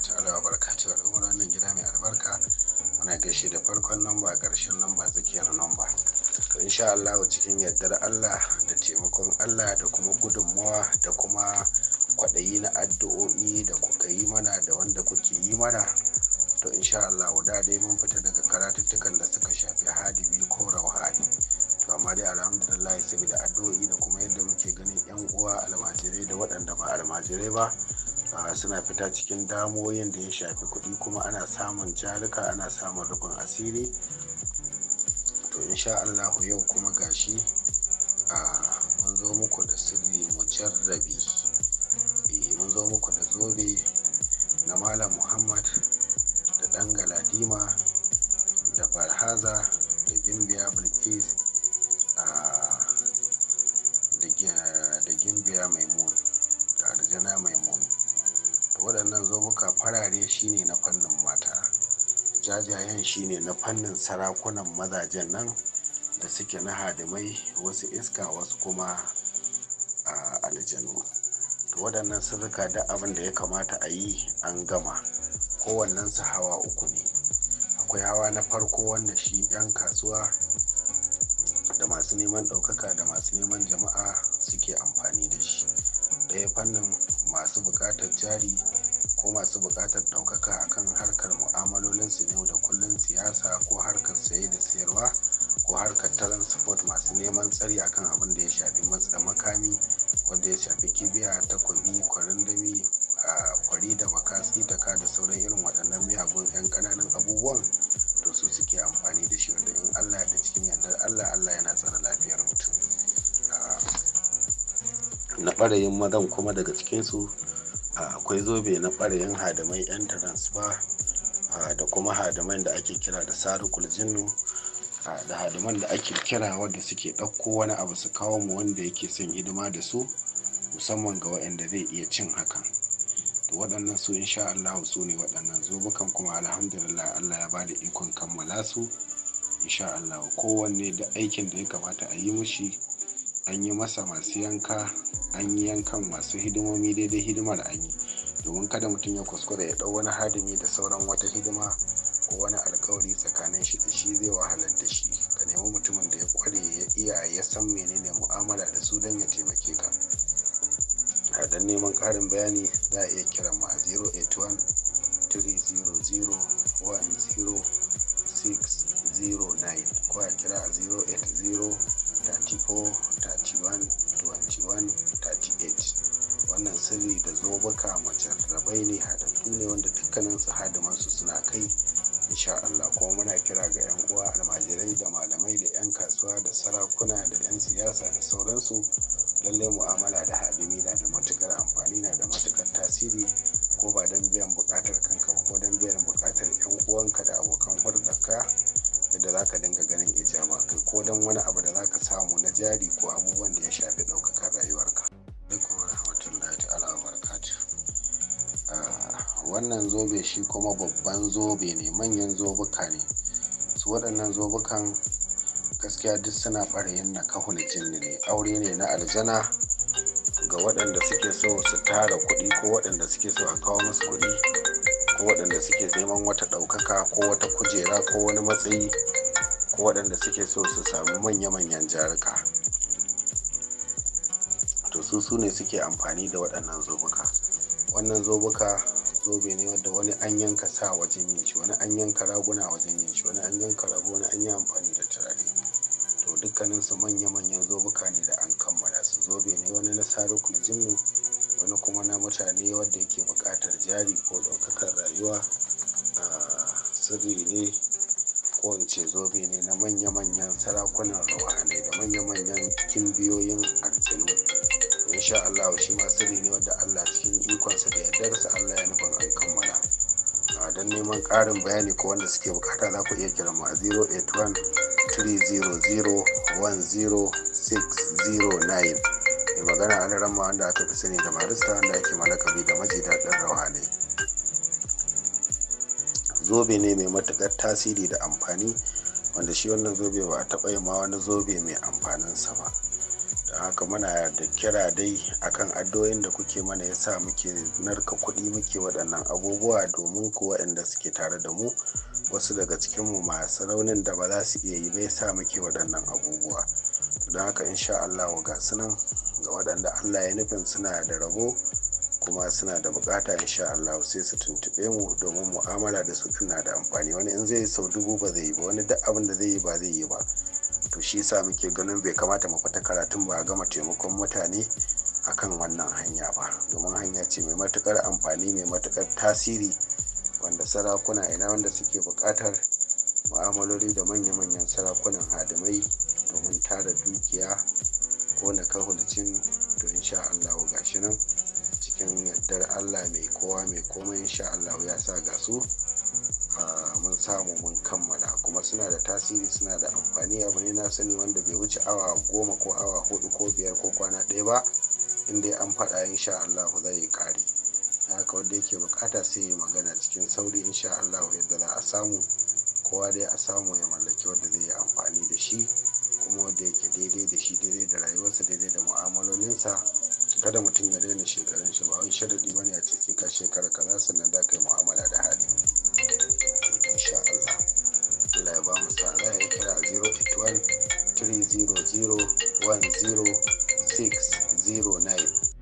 rahmatullahi ta'ala wa barakatu al'ummar wannan gida mai albarka muna gaishe da farkon lamba karshen lamba tsakiyar lamba to insha Allah cikin yardar Allah da taimakon Allah da kuma gudunmawa da kuma kwaɗayi na addu'o'i da kuka yi mana da wanda kuke yi mana to insha Allah da dai mun fita daga karatuttukan da suka shafi hadibi ko rauhani to amma dai alhamdulillah saboda addu'o'i da kuma yadda muke ganin yan uwa almajirai da waɗanda ba almajirai ba suna fita cikin damoyin da ya shafi kuɗi kuma ana samun jarika ana samun rufin asiri to insha allahu yau kuma gashi mun zo muku da sirri mu mujarrabi eh, mun zo muku da zobe na malam muhammad da dan galadima da barhaza da gimbiya bilkis da gimbiya maimun da aljana maimun waɗannan zobuka farare shine na fannin mata jajayen shine na fannin sarakunan mazajen nan da suke na hadimai wasu iska wasu kuma a aljanu to waɗannan sirrika da abin da ya kamata a yi an gama kowannen su hawa uku ne akwai hawa na farko wanda shi 'yan kasuwa da masu neman ɗaukaka da masu neman jama'a suke amfani da shi ɗaya fannin masu bukatar jari ko masu bukatar ɗaukaka akan harkar mu'amalolinsu yau da kullun siyasa ko harkar saye da sayarwa ko harkar transport masu neman tsari akan abin da ya shafi matsa makami wanda ya shafi kibiya takobi kwarindami a kwari da makatsi da da sauran irin waɗannan miyagun 'yan ƙananan abubuwan to su suke amfani da shi wanda ɓarayin mazan kuma daga cikinsu akwai zobe na ɓarayin hadamai 'yan transfer da kuma hadamai da ake kira da sarukul jinnu da hadaman da ake kira wadda suke ɗauko wani abu su kawo mu wanda yake son hidima da su musamman ga waɗanda zai iya cin hakan to waɗannan su insha Allah su ne waɗannan zobukan kuma alhamdulillah Allah ya bada ikon kammala su insha Allah kowanne da aikin da ya kamata a yi mushi an yi masa masu yanka an yi yankan masu hidimomi daidai hidimar an yi domin kada mutum ya kuskura ya ɗau wani hadimi da sauran wata hidima ko wani alkawari tsakanin shi da shi zai wahalar da shi ka nemi mutumin da ya kware ya iya ya san menene mu'amala da su don ya taimake ka a dan neman ƙarin bayani za a iya kiran mu a 081 300 ko a kira a 080 dukkanin su hadimansu suna kai insha Allah kuma muna kira ga 'yan uwa almajirai da malamai da 'yan kasuwa da sarakuna da 'yan siyasa da sauransu lallai mu'amala da hadimi na da matukar amfani na da matukar tasiri ko ba don biyan bukatar kanka ko don biyan bukatar 'yan uwanka da abokan hulɗarka yadda za ka dinga ganin ijama kai ko don wani abu da za ka samu na jari wannan zobe shi kuma babban zobe ne manyan zobuka ne su waɗannan zobukan gaskiya duk suna ɓarayin na kahul jinni ne aure ne na aljana ga waɗanda suke so su tara kuɗi ko waɗanda suke so a kawo musu kuɗi ko waɗanda suke neman wata ɗaukaka ko wata kujera ko wani matsayi ko waɗanda suke so su samu manya-manyan jaruka to su su ne suke amfani da waɗannan zobuka wannan zobuka zobe ne wanda wani an yanka sa wajen yin shi wani an yanka raguna wajen yin shi wani an yanka rago wani an yi amfani da turare to dukkanin su manya-manyan zobuka ne da an kammala su zobe ne wani na sarukul jinnu wani kuma na mutane wanda yake bukatar jari ko ɗaukakar rayuwa ah, sirri ne ko in ce zobe ne na manya-manyan sarakunan rawahanai da manya-manyan kimbiyoyin aljanu insha Allah shi ma ne wanda Allah cikin ikonsa da yardarsa Allah ya nufin an kammala ah, don neman ƙarin bayani ko wanda suke bukata za ku iya kira ma 081 300 10609 mai magana an rama wanda aka fi sani da barista wanda ake malakabi da maji daɗin rawa zobe ne mai matukar tasiri da amfani wanda shi wannan zobe ba a taɓa yi ma wani zobe mai amfanin sa ba da haka muna da kira dai akan addoyin da kuke mana ya sa muke narka kuɗi muke waɗannan abubuwa domin ku waɗanda suke tare da mu wasu daga cikinmu masu raunin da ba za su iya yi ba ya sa muke waɗannan abubuwa don haka insha Allah ga sunan ga waɗanda Allah ya nufin suna da rabo kuma suna da bukata insha Allah sai su tuntube mu domin mu'amala da su tana da amfani wani in zai sau dubu ba zai yi ba wani duk abin da zai yi ba zai yi ba to shi yasa muke ganin bai kamata mu fita karatun ba a gama taimakon mutane akan wannan hanya ba domin hanya ce mai matukar amfani mai matukar tasiri wanda sarakuna ina wanda suke bukatar mu'amaloli da manya-manyan sarakunan hadimai domin tara dukiya ko na kahulcin to insha Allah gashi nan cikin yardar allah mai kowa mai komai insha allah ya sa ga su mun samu mun kammala kuma suna da tasiri suna da amfani abu ne na sani wanda bai wuce awa goma ko awa hudu ko biyar ko kwana ɗaya ba inda an faɗa insha allah zai ƙari haka wanda yake bukata sai yi magana cikin sauri insha allah yadda za a samu kowa dai a samu ya mallaki wanda zai yi amfani da shi kuma wanda yake daidai da shi daidai da rayuwarsa daidai da mu'amalolinsa kada mutum ya daina shekarun shi ba wai sharadi bane a ce ka shekara kaza sannan da kai mu'amala da hali insha Allah Allah ya ba mu sa'a ya kira 081 300 1069